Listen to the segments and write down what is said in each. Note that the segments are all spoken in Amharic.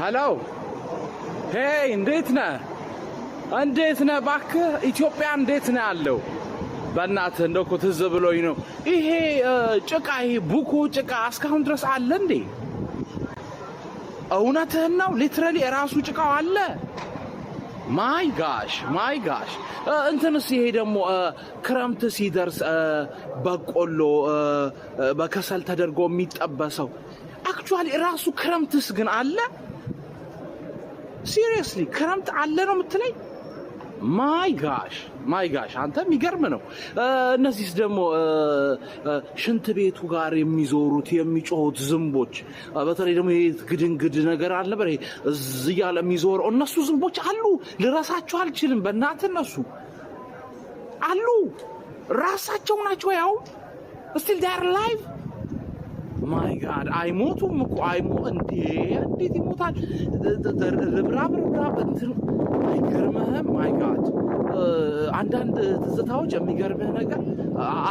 ሀላው ሄይ፣ እንዴት ነ እንዴት ነ እባክህ ኢትዮጵያ እንዴት ነ ያለው በእናትህ እንደኩ ትዝ ብሎኝ ነው። ይሄ ጭቃ ይሄ ቡኩ ጭቃ እስካሁን ድረስ አለ እንዴ? እውነትህን ነው። ሊትራሊ የራሱ ጭቃው አለ። ማይ ጋሽ ማይ ጋሽ እንትንስ ይሄ ደግሞ ክረምት ሲደርስ በቆሎ በከሰል ተደርጎ የሚጠበሰው አክቹዋሊ ራሱ ክረምትስ ግን አለ ሲሪየስሊ ክረምት አለ ነው የምትለኝ? ማይ ጋሽ ማይ ጋሽ አንተ የሚገርም ነው። እነዚህስ ደግሞ ሽንት ቤቱ ጋር የሚዞሩት የሚጮሁት ዝንቦች፣ በተለይ ደግሞ ግድንግድ ነገር አለ በ እያለ የሚዞረው እነሱ ዝንቦች አሉ። ልረሳቸው አልችልም። በእናት እነሱ አሉ ራሳቸው ናቸው ያው ስቲል ዳር ላይቭ ማይ ጋድ አይሞቱም እኮ አይሞ እንዴ እንዴት ይሞታል? ርብራብ ርብራብ እንትን አይገርምህም? ማይ ጋድ አንዳንድ ትዝታዎች የሚገርምህ ነገር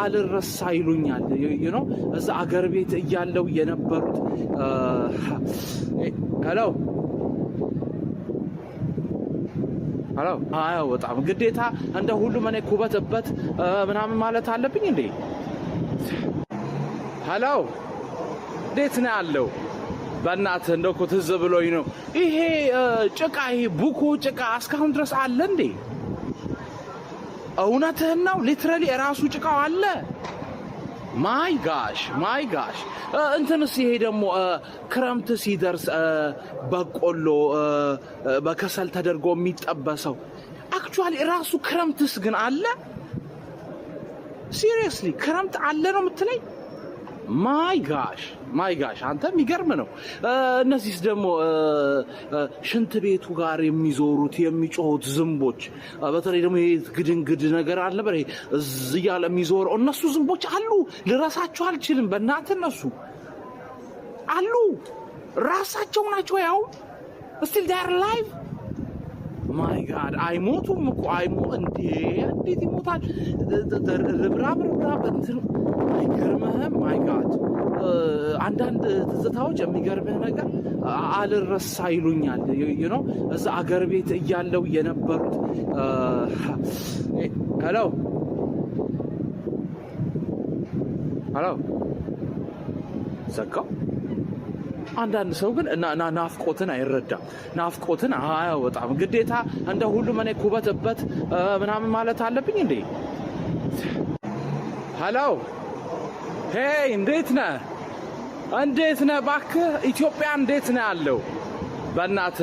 አልረሳ ይሉኛል። ዩ ነው እዛ አገር ቤት እያለው የነበሩት ሄሎ ሄሎ አዎ፣ በጣም ግዴታ እንደ ሁሉም እኔ ኩበት ምናምን ማለት አለብኝ እንዴ? ሄሎ እንዴት ነው ያለው? በእናትህ እንደው እኮ ትዝ ብሎኝ ነው። ይሄ ጭቃ ይሄ ቡኩ ጭቃ እስካሁን ድረስ አለ እንዴ? እውነትህን ነው። ሊትራሊ ራሱ ጭቃው አለ። ማይ ጋሽ ማይ ጋሽ እንትንስ ይሄ ደግሞ ክረምት ሲደርስ በቆሎ በከሰል ተደርጎ የሚጠበሰው አክቹዋሊ ራሱ ክረምትስ ግን አለ። ሲሪየስሊ ክረምት አለ ነው የምትለኝ? ማይ ጋሽ ማይ ጋሽ አንተ የሚገርም ነው። እነዚህስ ደግሞ ሽንት ቤቱ ጋር የሚዞሩት የሚጮሁት ዝንቦች፣ በተለይ ደግሞ ይሄ ግድንግድ ነገር አለ በ እዚህ እያለ የሚዞረው እነሱ ዝንቦች አሉ። ልረሳቸው አልችልም። በእናት እነሱ አሉ ራሳቸው ናቸው ያው ስቲል ዳር ላይቭ ማይ ጋድ አይሞቱም እኮ አይሞ እንዴ እንዴት ይሞታል? ርብራብ ርብራብ እንትን አይገርምህም? ማይ ጋድ አንዳንድ ትዝታዎች የሚገርምህ ነገር አልረሳ ይሉኛል። ነው እዛ አገር ቤት እያለው የነበሩት ሄሎ ሄሎ ዘጋው አንዳንድ ሰው ግን ናፍቆትን አይረዳም፣ ናፍቆትን አያወጣም። ግዴታ እንደ ሁሉም እኔ ኩበትበት ምናምን ማለት አለብኝ እንዴ? ሄሎ ሄይ፣ እንዴት ነህ? እንዴት ነህ? እባክህ ኢትዮጵያ እንዴት ነህ ያለው በእናትህ